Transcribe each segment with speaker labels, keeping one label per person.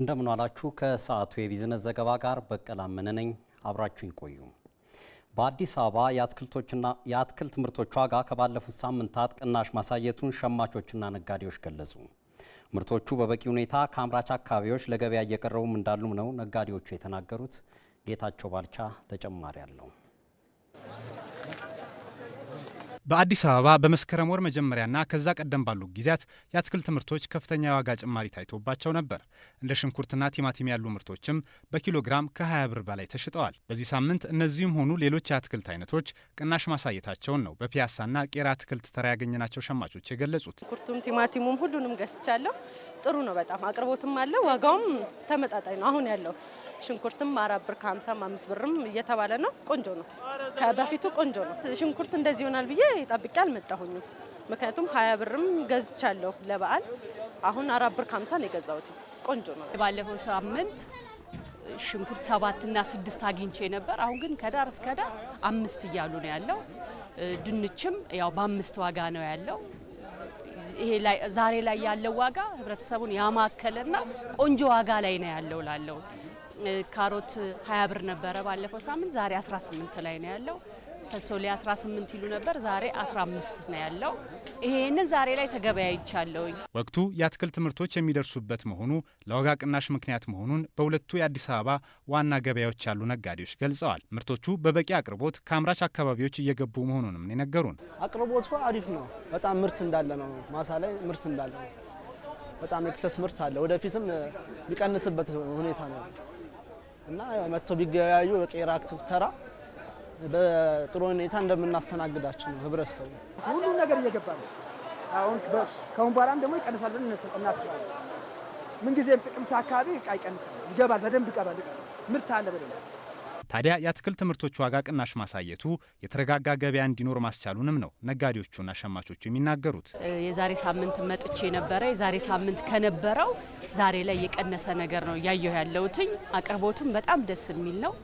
Speaker 1: እንደምን አላችሁ። ከሰዓቱ የቢዝነስ ዘገባ ጋር በቀላ መነነኝ አብራችሁኝ ቆዩ። በአዲስ አበባ የአትክልት ምርቶች ዋጋ ከባለፉት ሳምንታት ቅናሽ ማሳየቱን ሸማቾችና ነጋዴዎች ገለጹ። ምርቶቹ በበቂ ሁኔታ ከአምራች አካባቢዎች ለገበያ እየቀረቡም እንዳሉም ነው ነጋዴዎቹ የተናገሩት። ጌታቸው ባልቻ ተጨማሪ አለው።
Speaker 2: በአዲስ አበባ በመስከረም ወር መጀመሪያና ከዛ ቀደም ባሉ ጊዜያት የአትክልት ምርቶች ከፍተኛ የዋጋ ጭማሪ ታይቶባቸው ነበር። እንደ ሽንኩርትና ቲማቲም ያሉ ምርቶችም በኪሎግራም ከ20 ብር በላይ ተሽጠዋል። በዚህ ሳምንት እነዚህም ሆኑ ሌሎች የአትክልት አይነቶች ቅናሽ ማሳየታቸውን ነው በፒያሳና ቄራ አትክልት ተራ ያገኘናቸው ሸማቾች የገለጹት።
Speaker 3: ሽንኩርቱም ቲማቲሙም ሁሉንም ገዝቻለሁ። ጥሩ ነው። በጣም አቅርቦትም አለ፣ ዋጋውም ተመጣጣኝ ነው አሁን ያለው ሽንኩርትም አራት ብር ከ50 አምስት ብርም እየተባለ ነው። ቆንጆ ነው፣ ከበፊቱ ቆንጆ ነው። ሽንኩርት እንደዚህ ይሆናል ብዬ ጠብቄ አልመጣሁኝም። ምክንያቱም ሀያ ብርም ገዝቻለሁ ለበዓል። አሁን አራት ብር ከ ነው የገዛሁት። ቆንጆ ነው።
Speaker 4: ባለፈው ሳምንት ሽንኩርት ሰባትና ስድስት አግኝቼ ነበር። አሁን ግን ከዳር እስከ ዳር አምስት እያሉ ነው ያለው። ድንችም ያው በአምስት ዋጋ ነው ያለው። ይሄ ዛሬ ላይ ያለው ዋጋ ህብረተሰቡን ያማከለና ቆንጆ ዋጋ ላይ ነው ያለው ላለው ካሮት 20 ብር ነበረ ባለፈው ሳምንት፣ ዛሬ 18 ላይ ነው ያለው። ፈሶሌ 18 ይሉ ነበር፣ ዛሬ 15 ነው ያለው። ይሄንን ዛሬ ላይ ተገበያይቻለሁኝ።
Speaker 2: ወቅቱ የአትክልት ምርቶች የሚደርሱበት መሆኑ ለዋጋ ቅናሽ ምክንያት መሆኑን በሁለቱ የአዲስ አበባ ዋና ገበያዎች ያሉ ነጋዴዎች ገልጸዋል። ምርቶቹ በበቂ አቅርቦት ከአምራች አካባቢዎች እየገቡ መሆኑንም የነገሩን፣
Speaker 5: አቅርቦቱ አሪፍ ነው። በጣም ምርት እንዳለ ነው፣ ማሳ ላይ ምርት እንዳለ ነው። በጣም ኤክሰስ ምርት አለ። ወደፊትም የሚቀንስበት ሁኔታ ነው እና መጥቶ ቢገበያዩ በቄራ አክቲቭ ተራ በጥሩ ሁኔታ እንደምናስተናግዳቸው ነው። ህብረተሰቡ
Speaker 6: ሁሉም ነገር እየገባ ነው። አሁን ከአሁን በኋላም ደግሞ ይቀንሳል ብለን እናስባለን። ምንጊዜም ጥቅምት አካባቢ እቃ ይቀንሳል፣ ይገባል፣ በደንብ ይቀባል፣ ምርት አለ በደንብ
Speaker 2: ታዲያ የአትክልት ምርቶች ዋጋ ቅናሽ ማሳየቱ የተረጋጋ ገበያ እንዲኖር ማስቻሉንም ነው ነጋዴዎቹና ሸማቾቹ የሚናገሩት።
Speaker 4: የዛሬ ሳምንት መጥቼ ነበረ። የዛሬ ሳምንት ከነበረው ዛሬ ላይ የቀነሰ ነገር ነው እያየሁ ያለሁትኝ። አቅርቦቱም በጣም ደስ የሚል ነው።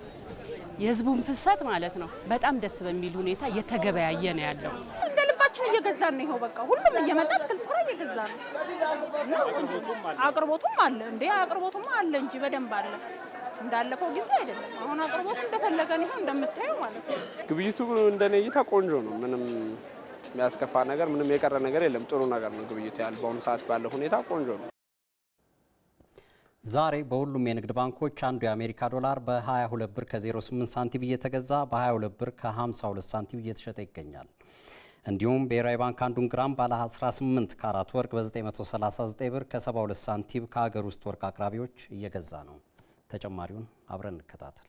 Speaker 4: የህዝቡን ፍሰት ማለት ነው በጣም ደስ በሚል ሁኔታ እየተገበያየ ነው ያለው።
Speaker 7: እንደ ልባችን እየገዛን ነው። ይኸው በቃ ሁሉም እየመጣ አትክልት ፍራ እየገዛ ነው። አቅርቦቱም አለ እንዴ! አቅርቦቱም አለ እንጂ በደንብ አለ። እንዳለፈው ጊዜ አይደለም። አሁን አቅርቦት እንደፈለገ ነው እንደምታየው ማለት ነው።
Speaker 8: ግብይቱ እንደኔ እይታ ቆንጆ ነው። ምንም የሚያስከፋ ነገር ምንም የቀረ ነገር የለም። ጥሩ ነገር ነው ግብይቱ ያለ በአሁኑ ሰዓት ባለው ሁኔታ ቆንጆ ነው።
Speaker 1: ዛሬ በሁሉም የንግድ ባንኮች አንዱ የአሜሪካ ዶላር በ22 ብር ከ08 ሳንቲም እየተገዛ በ22 ብር ከ52 ሳንቲም እየተሸጠ ይገኛል። እንዲሁም ብሔራዊ ባንክ አንዱን ግራም ባለ 18 ካራት ወርቅ በ939 ብር ከ72 ሳንቲም ከሀገር ውስጥ ወርቅ አቅራቢዎች እየገዛ ነው። ተጨማሪውን አብረን እንከታተል።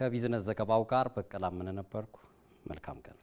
Speaker 1: ከቢዝነስ ዘገባው ጋር በቀላ ምነ ነበርኩ። መልካም ቀን